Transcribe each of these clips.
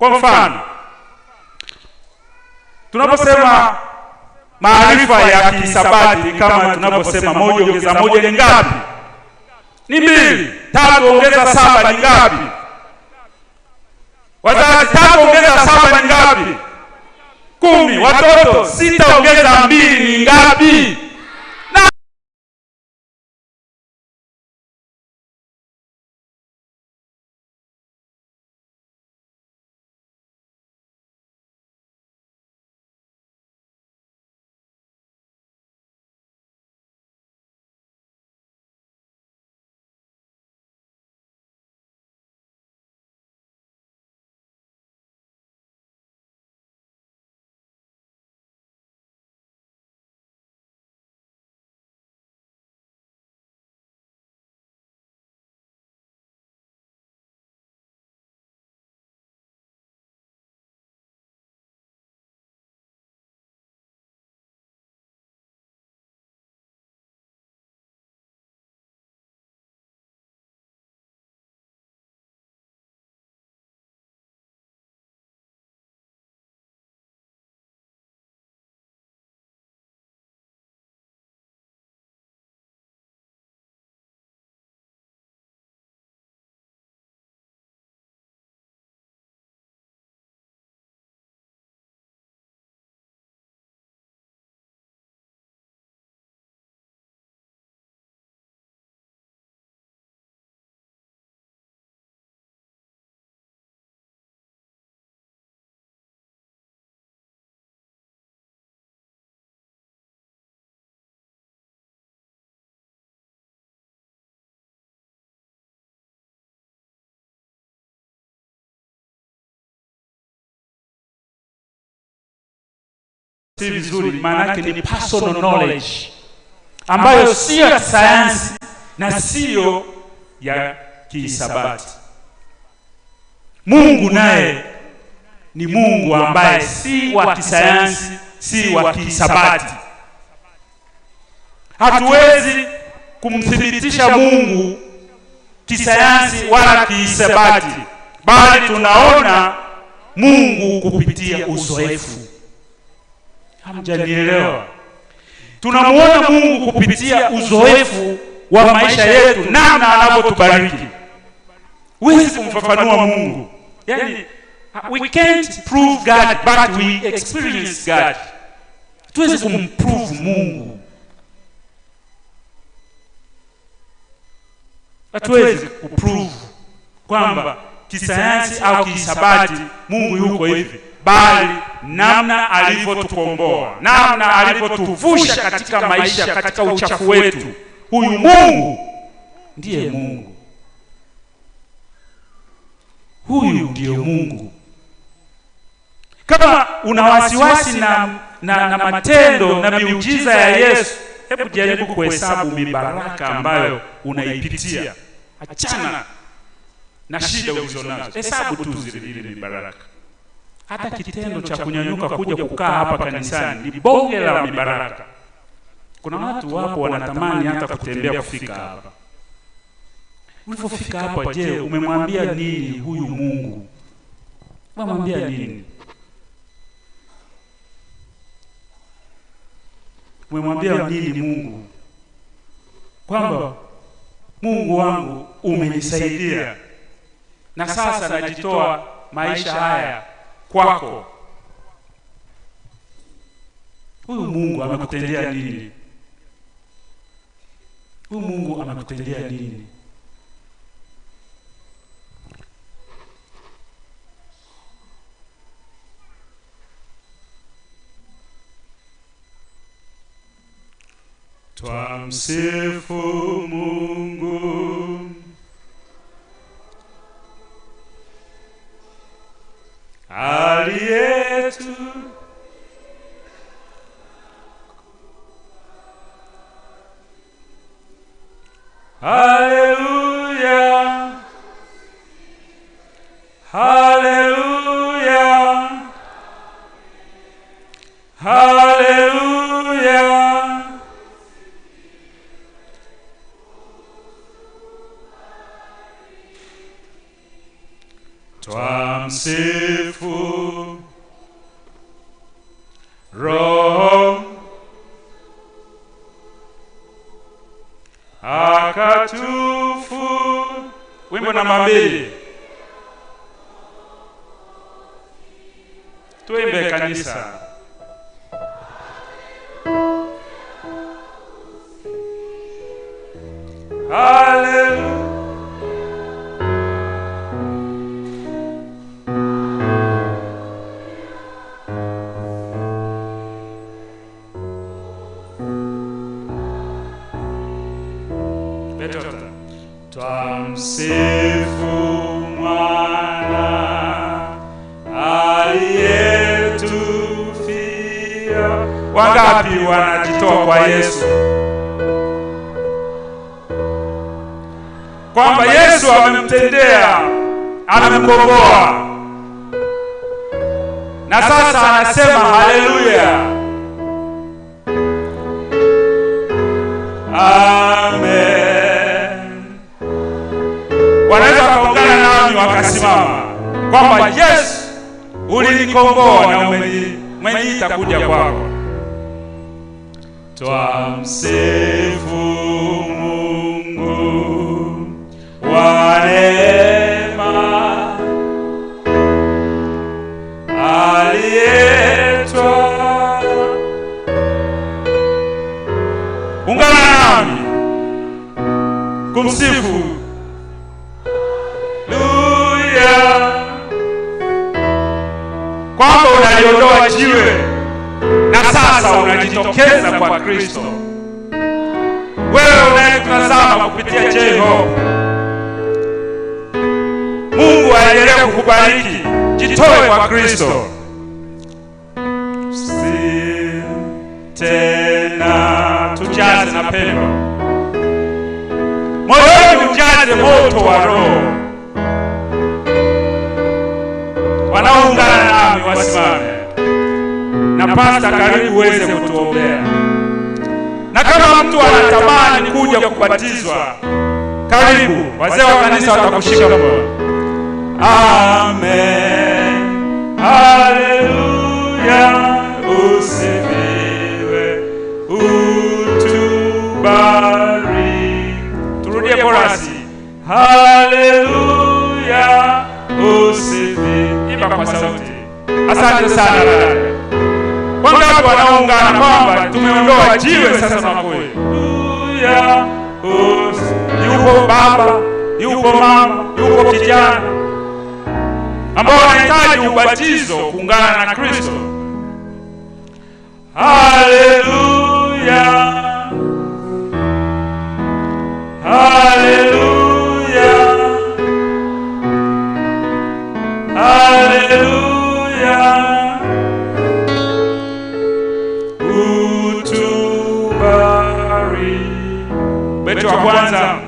Kwa mfano tunaposema maarifa ya kisabati kama tunaposema moja ongeza moja ni ngapi? Ni mbili. Tatu ongeza saba ni ngapi? Wazazi, tatu ongeza saba ni ngapi? Kumi. Watoto, sita ongeza mbili ni ngapi? si vizuri, maanake ni personal knowledge ambayo siyo ya sayansi na siyo ya kihisabati. Mungu naye ni Mungu ambaye si wa kisayansi, si wa kihisabati. Hatuwezi kumthibitisha Mungu kisayansi wala kihisabati, bali tunaona Mungu kupitia uzoefu hamjanielewa. Tunamuona Mungu kupitia uzoefu wa maisha yetu, namna anavyotubariki. Huwezi kumfafanua Mungu, yani we can't prove God but we experience God. Tuwezi kumprove Mungu, hatuwezi kuprove kwamba kisayansi au kihisabati Mungu yuko hivi, bali namna alivyotukomboa, namna alivyotuvusha katika maisha, katika uchafu wetu. Huyu Mungu ndiye Mungu, huyu ndiye Mungu. Kama una wasiwasi na, na, na matendo na miujiza ya Yesu, hebu jaribu kuhesabu mibaraka ambayo unaipitia. Achana na shida ulizonazo, hesabu tu zile zile mibaraka hata kitendo cha kunyanyuka kuja kukaa hapa kanisani ni bonge la mibaraka. Kuna watu wapo wanatamani hata kutembea kufika hapa. Ulipofika hapa, je, umemwambia nini huyu Mungu? Umemwambia nini? Umemwambia nini Mungu? Kwamba Mungu wangu umenisaidia na sasa najitoa maisha haya kwako. Huyu Mungu amekutendea nini? Huyu Mungu amekutendea nini? Twamsifu Mungu. Hallelujah. twembe kanisa Wangapi wanajitoa kwa Yesu kwamba Yesu amemtendea, amemkomboa na sasa anasema haleluya, amen. Wanaweza wakaungana nami wakasimama kwamba Yesu ulinikomboa na umejiita kuja kwako. I'm safe. toe kwa Kristo. tena tujaze na pepo, moyo ujaze moto wa Roho. Wanaoungana nami wasimame na pasta, karibu uweze kutuombea, na kama mtu anatamani kuja kubatizwa karibu, wazee wa kanisa watakushika mkono. Amen. Haleluya, usifiwe utubari. Turudie korasi. Haleluya, usifiwe. Imba kwa sauti. Asante sana dada. Wangapi wanaungana kwamba tumeondoa jiwe sasa makuyu? Haleluya, baba, yuko mama, yuko kijana ambao wanahitaji ubatizo kuungana na Kristo. Haleluya, haleluya, haleluya. Utubariki. Beti wa kwanza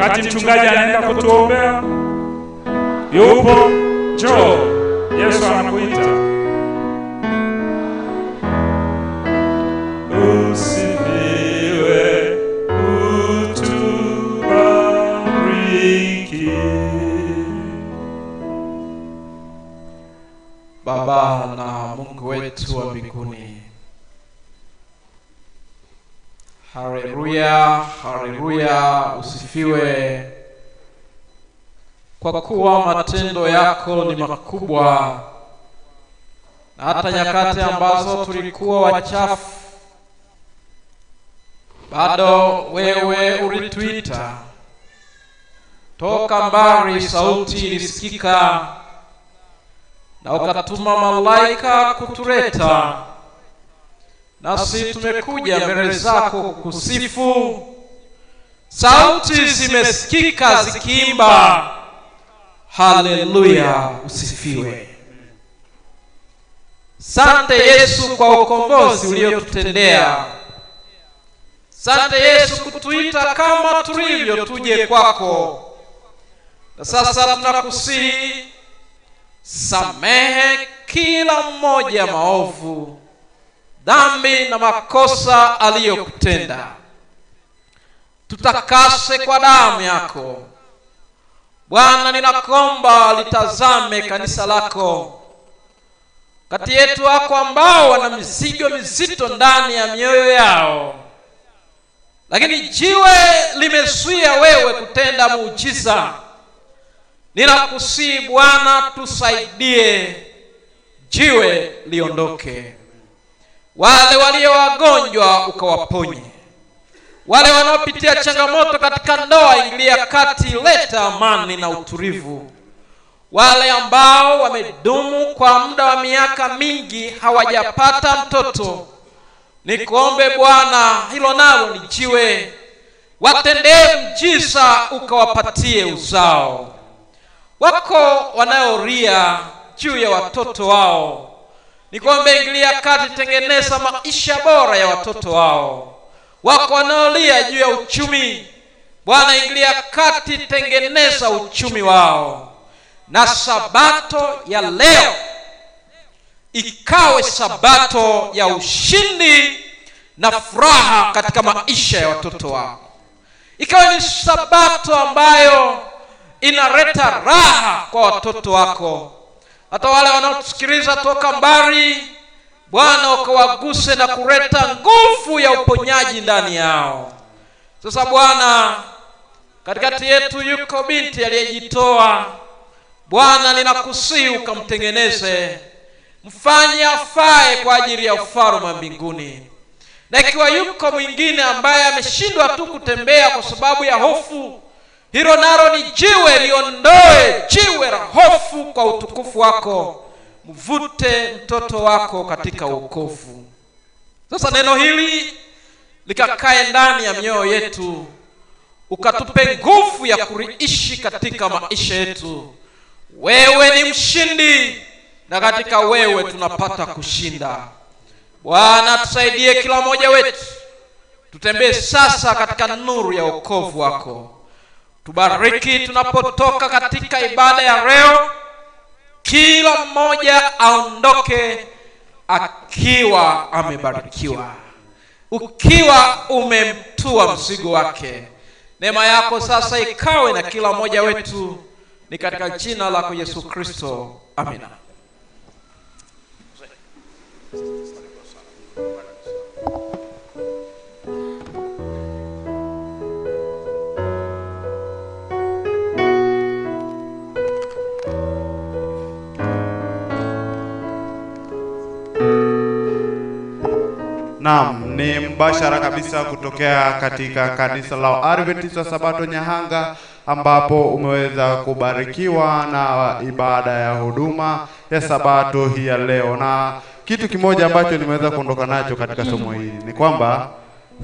Wakati mchungaji anaenda kutuombea, yupo jo Yesu anakuita, Baba na Mungu wetu wa mbinguni Haleluya, haleluya, usifiwe. Kwa kuwa matendo yako ni makubwa, na hata nyakati ambazo tulikuwa wachafu, bado wewe ulituita toka mbali, sauti ilisikika na ukatuma malaika kutuleta nasi tumekuja mbele zako kukusifu. Sauti zimesikika zikiimba haleluya, usifiwe. Sante Yesu kwa ukombozi uliotutendea. Sante Yesu kutuita kama tulivyo tuje kwako. Na sasa tunakusihi, samehe kila mmoja maovu dhambi na makosa aliyokutenda. Tutakase kwa damu yako Bwana. Ninakomba litazame kanisa lako kati yetu wako ambao wana mizigo mizito ndani ya mioyo yao, lakini jiwe limezuia wewe kutenda muujiza. Ninakusii Bwana, tusaidie jiwe liondoke wale walio wagonjwa ukawaponye, wale wanaopitia changamoto katika ndoa, ingilia kati, leta amani na utulivu. Wale ambao wamedumu kwa muda wa miaka mingi hawajapata mtoto, nikuombe Bwana, hilo nalo ni jiwe, watendee mjiza, ukawapatie uzao. Wako wanaoria juu ya watoto wao ni kwamba ingilia kati, tengeneza maisha bora ya watoto wao. Wako wanaolia juu ya uchumi, Bwana ingilia kati, tengeneza uchumi wao. Na sabato ya leo ikawe sabato ya ushindi na furaha katika maisha ya watoto wako, ikawe ni sabato ambayo inaleta raha kwa watoto wako hata wale wanaotusikiliza toka mbali, Bwana ukawaguse na kuleta nguvu ya uponyaji ndani yao. Sasa Bwana, katikati yetu yuko binti aliyejitoa. Bwana, ninakusihi ukamtengeneze, mfanye afae kwa ajili ya ufalme wa mbinguni. Na ikiwa yuko mwingine ambaye ameshindwa tu kutembea kwa sababu ya hofu hilo nalo ni jiwe, liondoe jiwe la hofu kwa utukufu wako, mvute mtoto wako katika wokovu. Sasa neno hili likakae ndani ya mioyo yetu, ukatupe nguvu ya kuriishi katika maisha yetu. Wewe ni mshindi, na katika wewe tunapata kushinda. Bwana, tusaidie kila mmoja wetu, tutembee sasa katika nuru ya wokovu wako tubariki tunapotoka katika ibada ya leo, kila mmoja aondoke akiwa amebarikiwa, ukiwa umemtua mzigo wake. Neema yako sasa ikawe na kila mmoja wetu, ni katika jina lako Yesu Kristo, amina. Naam, ni mbashara kabisa kutokea katika kanisa la Waadventista wa Sabato Nyahanga ambapo umeweza kubarikiwa na ibada ya huduma ya Sabato hii ya leo, na kitu kimoja ambacho nimeweza kuondoka nacho katika somo hili ni kwamba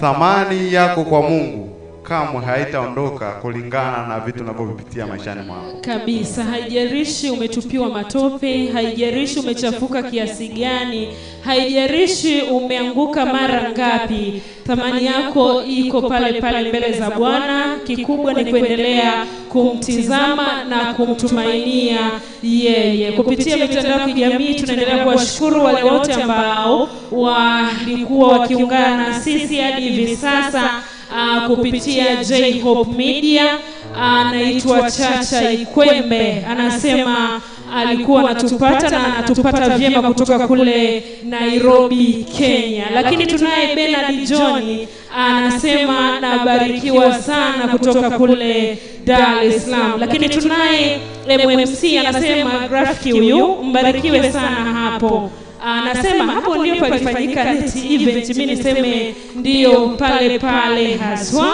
thamani yako kwa Mungu kamwe haitaondoka kulingana na vitu unavyovipitia maishani mwako kabisa. haijarishi umetupiwa matope, haijarishi umechafuka kiasi gani, haijarishi umeanguka mara ngapi, thamani yako iko pale pale mbele za Bwana. Kikubwa ni kuendelea kumtizama na kumtumainia yeye. Kupitia mitandao ya kijamii tunaendelea kuwashukuru wale wote ambao walikuwa wakiungana na sisi hadi hivi sasa uh, kupitia J Hope Media. Ah, anaitwa uh, Chacha Ikwembe, anasema alikuwa anatupata na anatupata vyema kutoka kule Nairobi, Kenya. Lakini tunaye Bernard John ah, anasema nabarikiwa sana kutoka kule Dar es Salaam. Lakini tunaye MMC anasema grafiki huyu mbarikiwe sana hapo. Ah, anasema hapo ndio palifanyika neti event, mimi niseme ndio pale pale haswa.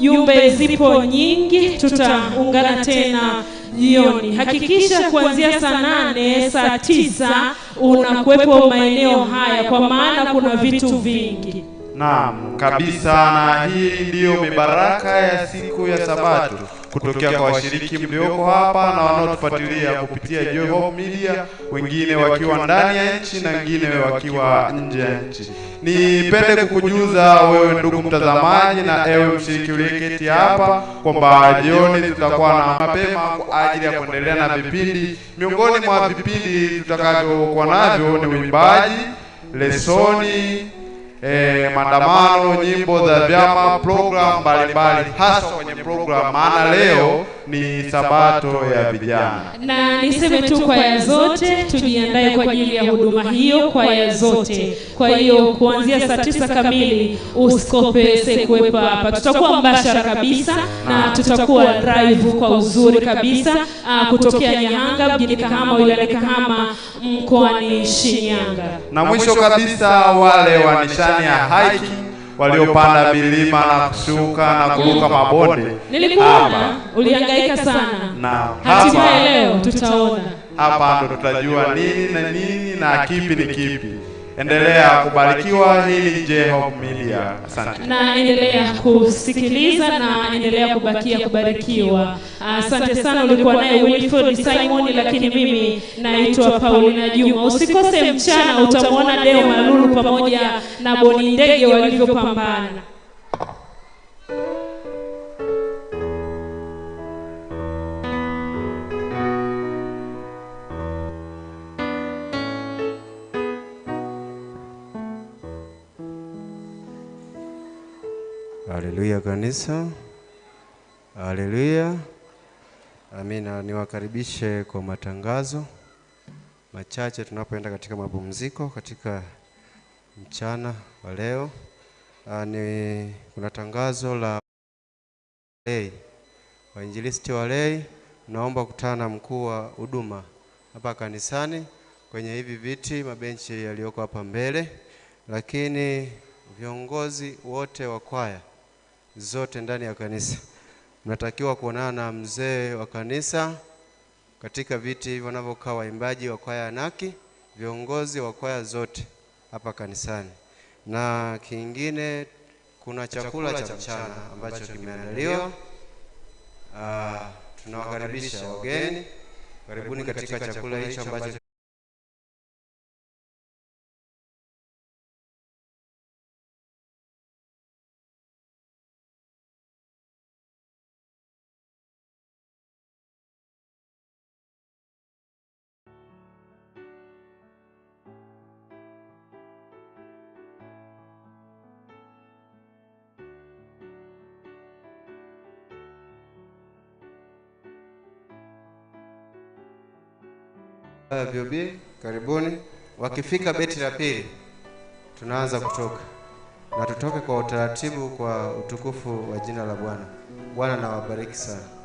Jumbe zipo nyingi, tutaungana tena jioni. Hakikisha kuanzia saa nane saa tisa unakuwepo maeneo haya, kwa maana kuna vitu vingi. Naam kabisa, na hii ndiyo mibaraka ya siku ya Sabato kutokea kwa washiriki mlioko hapa na wanaotufuatilia kupitia Joy Media, wengine wakiwa ndani ya nchi na wengine wakiwa nje ya nchi. Nipende kukujuza wewe ndugu mtazamaji na ewe mshiriki uliyeketi hapa kwamba jioni tutakuwa na mapema kwa ajili ya kuendelea na vipindi. Miongoni mwa vipindi tutakavyokuwa navyo ni uimbaji, lesoni eh, maandamano, nyimbo za vyama, program mbalimbali, hasa kwenye program, maana leo ni sabato ya vijana, na niseme tu kwaya zote tujiandae kwa ajili ya huduma hiyo, kwaya zote. Kwa hiyo kuanzia saa tisa kamili usikope sekuwepo hapa, tutakuwa mbashara kabisa na, tutakuwa live kwa uzuri kabisa ah, kutokea Nyahanga mjini Kahama, wilayani Kahama, mkoani Shinyanga. Na mwisho kabisa wale wa nishani ya hiking waliopanda milima na kushuka na kuruka mabonde. Nilikuona uliangaika sana, na hatimaye leo tutaona hapa ndo tutajua nini na nini na kipi ni kipi endelea kubarikiwa. Hili ni J Hope Media, asante. Na endelea kusikiliza na endelea kubakia kubarikiwa. Asante sana, ulikuwa naye Wilford Simon, lakini mimi naitwa Paulina Juma. Usikose mchana, utamwona Deo Malulu pamoja na Boni Ndege walivyopambana. Haleluya kanisa, haleluya. Amina. Niwakaribishe kwa matangazo machache tunapoenda katika mapumziko katika mchana wa leo. Ah, ni kuna tangazo la walei, wainjilisti walei, naomba kutana mkuu wa huduma hapa kanisani kwenye hivi viti mabenchi yaliyoko hapa mbele, lakini viongozi wote wa kwaya zote ndani ya kanisa. Mnatakiwa kuonana na mzee wa kanisa katika viti hivyo wanavyokaa waimbaji wa kwaya naki, viongozi wa kwaya zote hapa kanisani. Na kingine kuna chakula cha mchana ambacho kimeandaliwa. Ah, tunawakaribisha wageni, karibuni katika chakula hicho ambacho ya VOB, karibuni. Wakifika beti la pili, tunaanza kutoka na tutoke kwa utaratibu, kwa utukufu wa jina la Bwana. Bwana na wabariki sana.